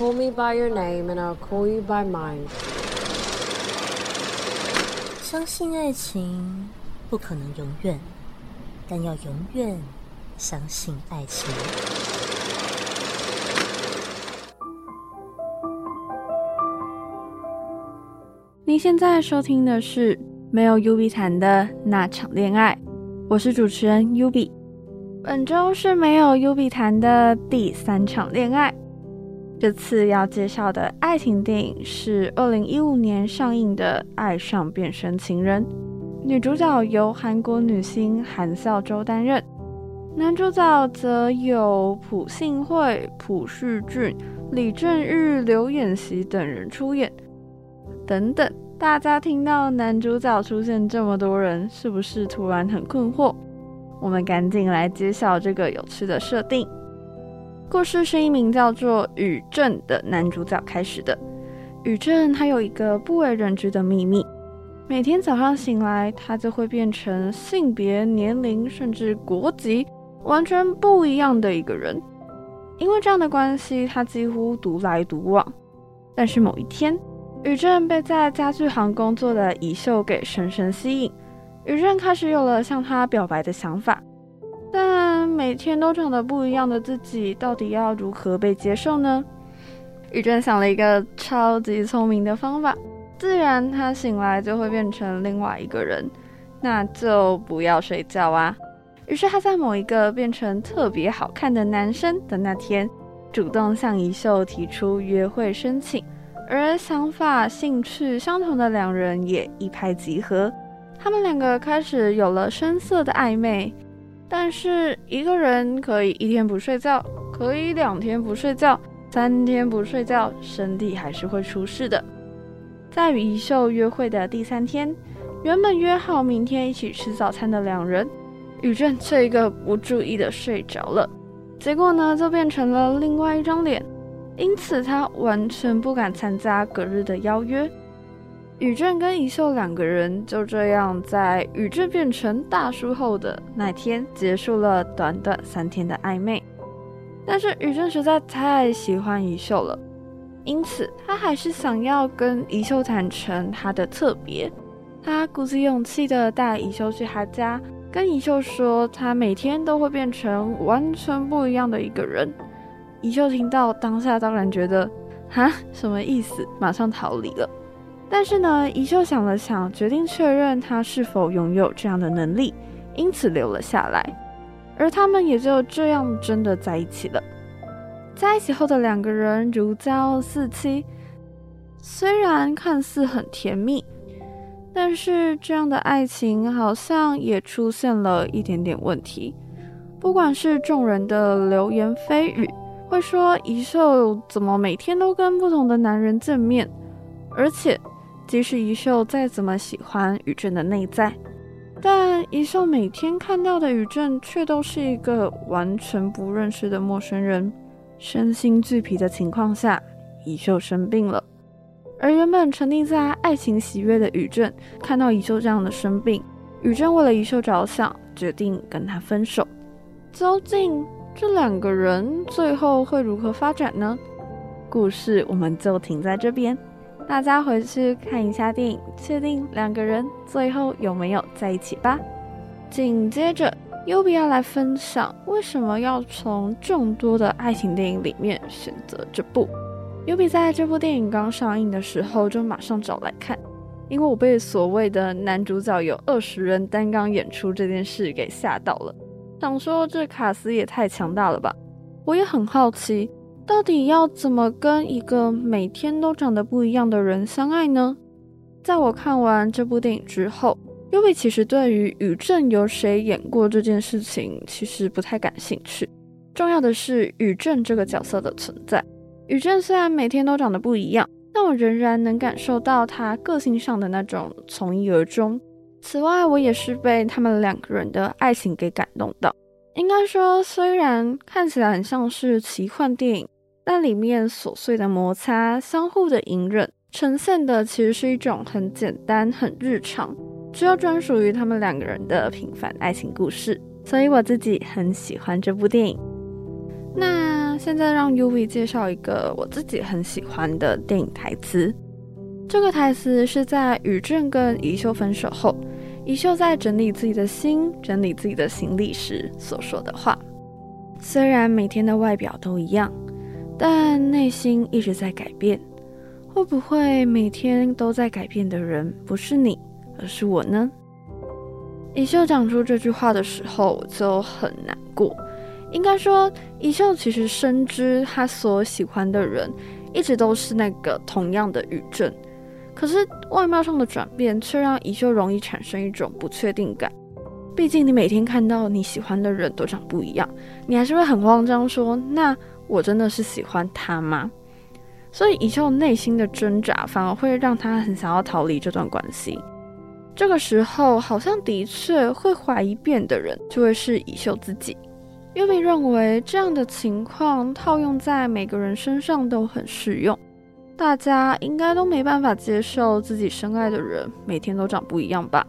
Call me by your name, and I'll call you by mine。相信愛情不可能永遠，但要永遠相信愛情。您現在收聽的是沒有 UB 談的那場戀愛，我是主持人 Yubi。本周是沒有 UB 談的第三場戀愛。這次要介紹的愛情電影是2015年上映的《愛上變身情人》，女主角由韓國女星韓孝周擔任，男主角則有朴信惠、朴敘俊、李正日、劉演熙等人出演。等等，大家聽到男主角出現這麼多人，是不是突然很困惑？我們趕緊來揭曉這個有趣的設定。故事是一名叫做雨振的男主角開始的。雨振他有一個不為人知的秘密，每天早上醒來，他就會變成性別、年齡甚至國籍完全不一樣的一個人。因為這樣的關係，他幾乎獨來獨往。但是某一天，雨振被在家具行工作的乙秀給深深吸引，雨振開始有了向他表白的想法，但。每天都長得不一樣的自己，到底要如何被接受呢？禹鎮想了一個超級聰明的方法，自然她醒來就會變成另外一個人，那就不要睡覺啊。於是她在某一個變成特別好看的男生的那天，主動向伊秀提出約會申請，而想法、興趣相同的兩人也一拍即合，他們兩個開始有了深色的曖昧。但是一個人可以一天不睡覺，可以兩天不睡覺，三天不睡覺，身體還是會出事的。在與伊秀約會的第三天，原本約好明天一起吃早餐的兩人，禹鎮卻一個不注意的睡着了，結果呢就變成了另外一張臉，因此他完全不敢參加隔日的邀約。宇振跟一秀兩個人就這樣在宇振變成大叔後的那天，結束了短短三天的曖昧。但是宇振實在太喜歡一秀了，因此他還是想要跟一秀坦誠他的特別。他鼓起勇氣的帶一秀去他家，跟一秀說他每天都會變成完全不一樣的一個人。一秀聽到當下當然覺得哈，什麼意思？馬上逃離了。但是呢，伊秀想了想，決定確認他是否擁有這樣的能力，因此留了下來。而他們也就這樣真的在一起了。在一起後的兩個人如膠似漆，雖然看似很甜蜜，但是這樣的愛情好像也出現了一點點問題。不管是眾人的流言蜚語，會說伊秀怎麼每天都跟不同的男人見面，而且，即使一秀再怎麼喜歡宇振的內在，但一秀每天看到的宇振卻都是一個完全不認識的陌生人。身心俱疲的情況下，一秀生病了。而原本沉浸在愛情喜悅的宇振，看到一秀這樣的生病，宇振為了一秀着想，決定跟他分手。究竟這兩個人最後會如何發展呢？故事我們就停在這邊。大家回去看一下電影，確定兩個人最後有沒有在一起吧。緊接着，優比要來分享為什麼要從眾多的愛情電影裡面選擇這部。優比在這部電影剛上映的時候就馬上找來看，因為我被所謂的男主角有二十人擔綱演出這件事給嚇到了，想說這卡司也太強大了吧。我也很好奇。到底要怎麼跟一個每天都長得不一樣的人相愛呢？在我看完這部電影之後，因為其實對於宇振由誰演過這件事情其實不太感興趣，重要的是宇振這個角色的存在。宇振雖然每天都長得不一樣，但我仍然能感受到他個性上的那種從一而終。此外，我也是被他們兩個人的愛情給感動的。應該說，雖然看起來很像是奇幻電影。但裡面瑣碎的摩擦、相互的隱忍，呈現的其實是一種很簡單、很日常、只有專屬於他們兩個人的平凡愛情故事。所以我自己很喜歡這部電影。那現在讓 UV 介紹一個我自己很喜歡的電影台詞。這個台詞是在於正跟一秀分手後，一秀在整理自己的心、整理自己的行李時所說的話。雖然每天的外表都一樣，但內心一直在改變，會不會每天都在改變的人不是你，而是我呢？以秀講出這句話的時候，我就很難過。應該說，以秀其實深知他所喜歡的人一直都是那個同樣的宇鎮，可是外貌上的轉變卻讓以秀容易產生一種不確定感。畢竟，你每天看到你喜歡的人都長不一樣，你還是會很慌張，說那。我真的是喜歡他嗎？所以以秀內心的掙扎，反而會讓他很想要逃離這段關係。這個時候，好像的確會懷疑變的人，就會是以秀自己。尤比認為這樣的情況套用在每個人身上都很適用，大家應該都沒辦法接受自己深愛的人每天都長不一樣吧？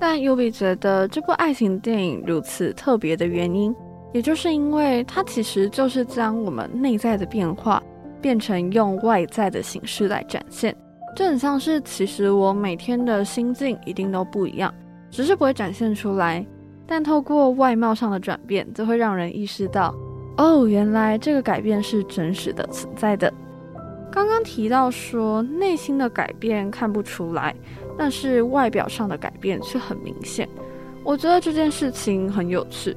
但尤比覺得這部愛情電影如此特別的原因，也就是因為它其實就是將我們內在的變化變成用外在的形式來展現，就很像是其實我每天的心境一定都不一樣，只是不會展現出來，但透過外貌上的轉變，則會讓人意識到，哦，原來這個改變是真實的存在的。剛剛提到說內心的改變看不出來，但是外表上的改變卻很明顯，我覺得這件事情很有趣。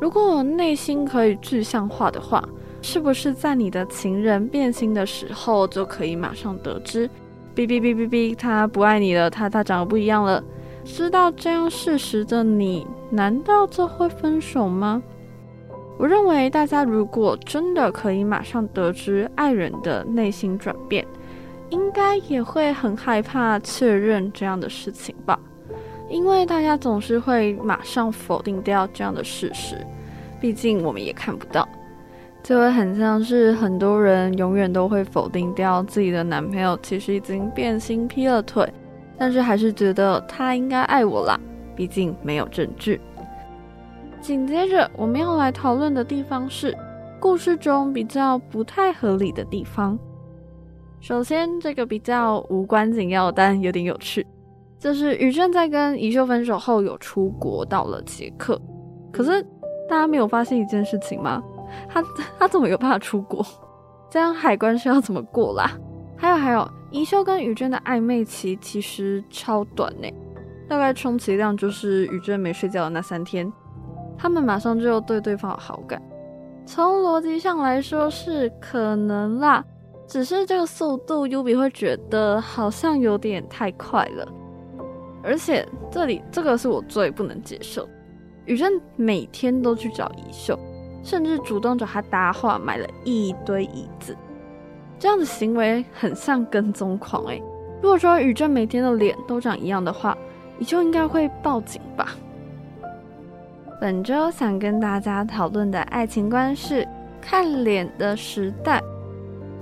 如果我內心可以具象化的話，是不是在你的情人變心的時候就可以馬上得知？嗶嗶嗶嗶嗶，他不愛你了，他他長得不一樣了。知道這樣事實的你，難道就會分手嗎？我認為大家如果真的可以馬上得知愛人的內心轉變，應該也會很害怕確認這樣的事情吧。因為大家總是會馬上否定掉這樣的事實，畢竟我們也看不到，就會很像是很多人永遠都會否定掉自己的男朋友其實已經變心劈了腿，但是還是覺得他應該愛我啦，畢竟沒有證據。緊接着我們要來討論的地方是故事中比較不太合理的地方。首先，這個比較無關緊要，但有點有趣。就是雨振在跟怡秀分手後有出國到了捷克，可是大家沒有發現一件事情嗎？他他怎麼有辦法出國？這樣海關是要怎麼過啦？還有還有，怡秀跟雨振的曖昧期其實超短呢、欸，大概充其量就是雨振沒睡覺的那三天，他們馬上就要對對方有好感。從邏輯上來說是可能啦，只是這個速度，優比會覺得好像有點太快了。而且這裡這個是我最不能接受，禹鎮每天都去找伊秀，甚至主動找她搭話，買了一堆椅子，這樣的行為很像跟蹤狂欸。如果說禹鎮每天的臉都長一樣的話，你就應該會報警吧。本周想跟大家討論的愛情觀是看臉的時代，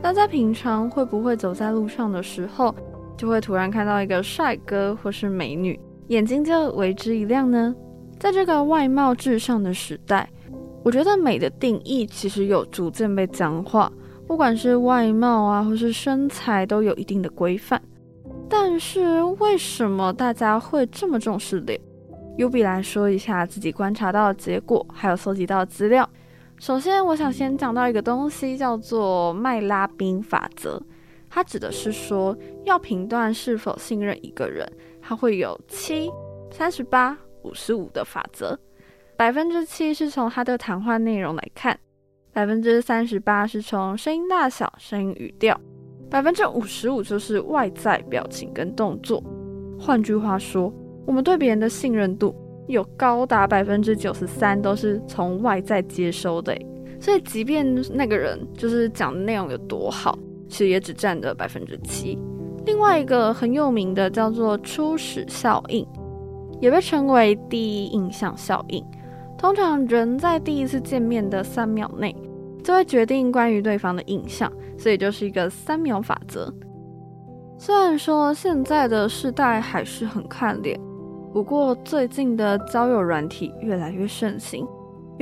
大家平常會不會走在路上的時候？就會突然看到一個帥哥或是美女，眼睛就為之一亮呢。在這個外貌至上的時代，我覺得美的定義其實有逐漸被僵化，不管是外貌啊，或是身材，都有一定的規範。但是為什麼大家會這麼重視臉？優比來說一下自己觀察到的結果，還有蒐集到的資料。首先，我想先講到一個東西，叫做麥拉賓法則。它指的是說，要評斷是否信任一個人，他會有七、三十八、五十五的法則。百分之七是從他的談話內容來看，百分之三十八是從聲音大小、聲音語調，百分之五十五就是外在表情跟動作。換句話說，我們對別人的信任度有高達百分之九十三都是從外在接收的。所以，即便那個人就是講的內容有多好。其實也只占了百分之七。另外一個很有名的叫做初始效應，也被稱為第一印象效應。通常人在第一次見面的三秒內，就會決定關於對方的印象，所以就是一個三秒法則。雖然說現在的世代還是很看臉，不過最近的交友軟體越來越盛行。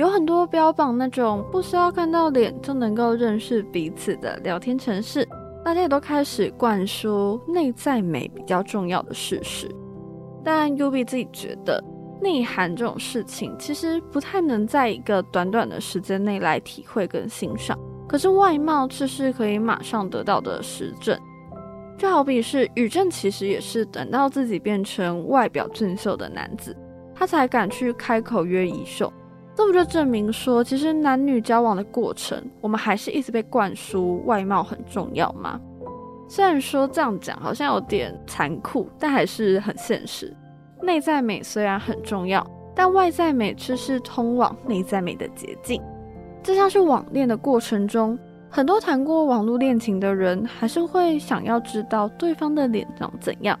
有很多標榜那種不需要看到臉就能夠認識彼此的聊天程式，大家也都開始灌輸內在美比較重要的事實。但 U B 自己覺得內涵這種事情其實不太能在一個短短的時間內來體會跟欣賞，可是外貌卻是可以馬上得到的實證。就好比是宇正，其實也是等到自己變成外表俊秀的男子，他才敢去開口約一秀。這不就證明說，其實男女交往的過程，我們還是一直被灌輸外貌很重要嗎？雖然說這樣講好像有點殘酷，但還是很現實。內在美雖然很重要，但外在美卻是通往內在美的捷徑。就像是網戀的過程中，很多談過網絡戀情的人，還是會想要知道對方的臉長怎樣，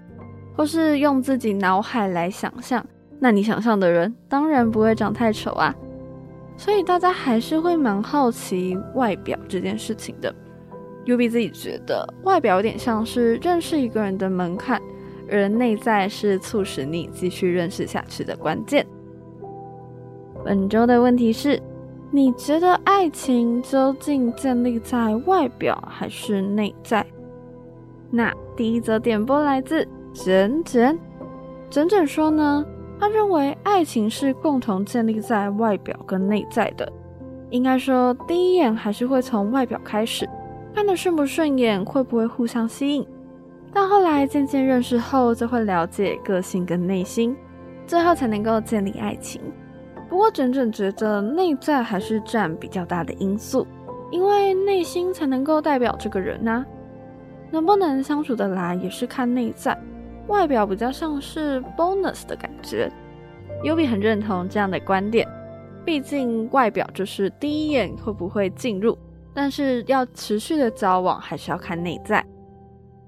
或是用自己腦海來想象。那你想象的人，當然不會長太醜啊。所以大家還是會蠻好奇外表這件事情的。UB 自己覺得外表有點像是認識一個人的門檻，而內在是促使你繼續認識下去的關鍵。本周的問題是：你覺得愛情究竟建立在外表還是內在？那第一則點播來自卷卷，卷卷說呢？他認為愛情是共同建立在外表跟內在的，應該說第一眼還是會從外表開始，看得順不順眼，會不會互相吸引，但後來漸漸認識後，就會了解個性跟內心，最後才能夠建立愛情。不過，整整覺得內在還是佔比較大的因素，因為內心才能夠代表這個人吶、啊。能不能相處得來也是看內在，外表比較像是 bonus 的感覺，優比很認同這樣的觀點，畢竟外表就是第一眼會不會進入，但是要持續的交往還是要看內在。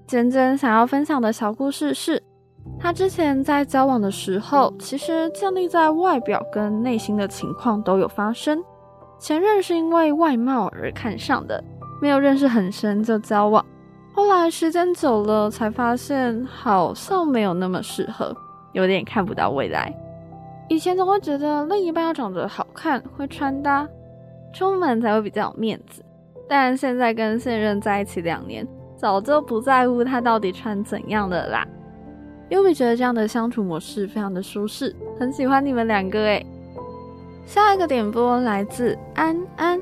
簡簡想要分享的小故事是，他之前在交往的時候，其實建立在外表跟內心的情況都有發生。前任是因為外貌而看上的，沒有認識很深就交往，後來時間久了才發現好像沒有那麼適合。有點看不到未來，以前總會覺得另一半要長得好看、會穿搭，出門才會比較有面子。但現在跟現任在一起兩年，早就不在乎他到底穿怎樣的啦。優米覺得這樣的相處模式非常的舒適，很喜歡你們兩個誒、欸。下一個點播來自安安，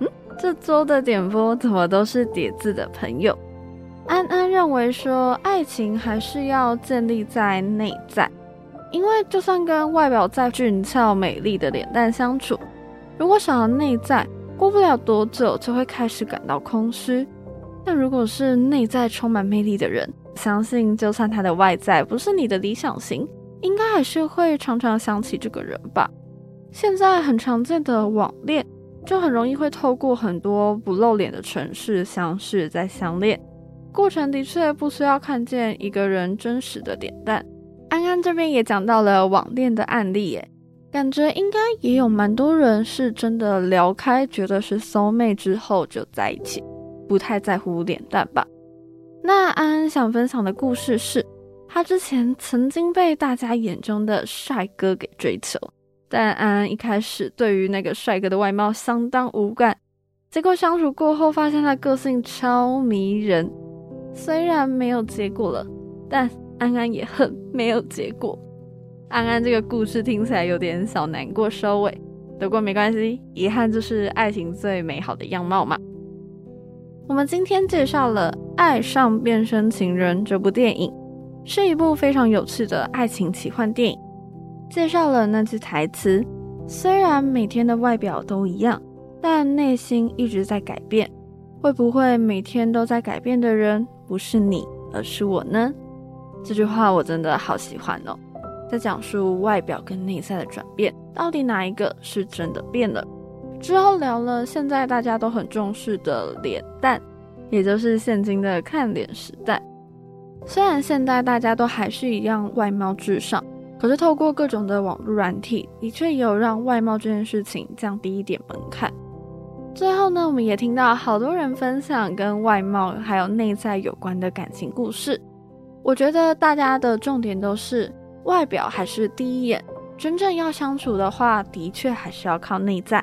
嗯，這週的點播怎麼都是疊字的朋友？安安認為說，愛情還是要建立在內在，因為就算跟外表再俊俏美麗的臉蛋相處，如果少了內在，過不了多久就會開始感到空虛。但如果是內在充滿魅力的人，相信就算他的外在不是你的理想型，應該還是會常常想起這個人吧。現在很常見的網戀，就很容易會透過很多不露臉的程式相識再相戀。過程的確不需要看見一個人真實的臉蛋。安安這邊也講到了網戀的案例，欸，誒，感覺應該也有蠻多人是真的聊開，覺得是 soulmate 之後就在一起，不太在乎臉蛋吧？那安安想分享的故事是，他之前曾經被大家眼中的帥哥給追求，但安安一開始對於那個帥哥的外貌相當無感，結果相處過後發現他個性超迷人。雖然沒有結果了，但安安也很沒有結果。安安這個故事聽起來有點小難過收、欸，收尾，不過沒關係，遺憾就是愛情最美好的樣貌嘛。我們今天介紹了《愛上變身情人》這部電影，是一部非常有趣的愛情奇幻電影。介紹了那句台詞：“雖然每天的外表都一樣，但內心一直在改變。會不會每天都在改變的人？”不是你，而是我呢。這句話我真的好喜歡哦，在講述外表跟內在的轉變，到底哪一個是真的變了？之後聊了現在大家都很重視的臉蛋，也就是現今的看臉時代。雖然現在大家都還是一樣外貌至上，可是透過各種的網絡軟體，的確也有讓外貌這件事情降低一點門檻。最後呢，我們也聽到好多人分享跟外貌還有內在有關的感情故事。我覺得大家的重點都是外表還是第一眼，真正要相處的話，的確還是要靠內在。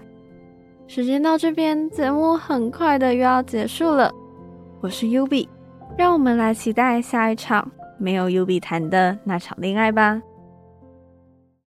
時間到這邊，節目很快的又要結束了。我是 Yubi，讓我們來期待下一場沒有 Yubi 談的那場戀愛吧。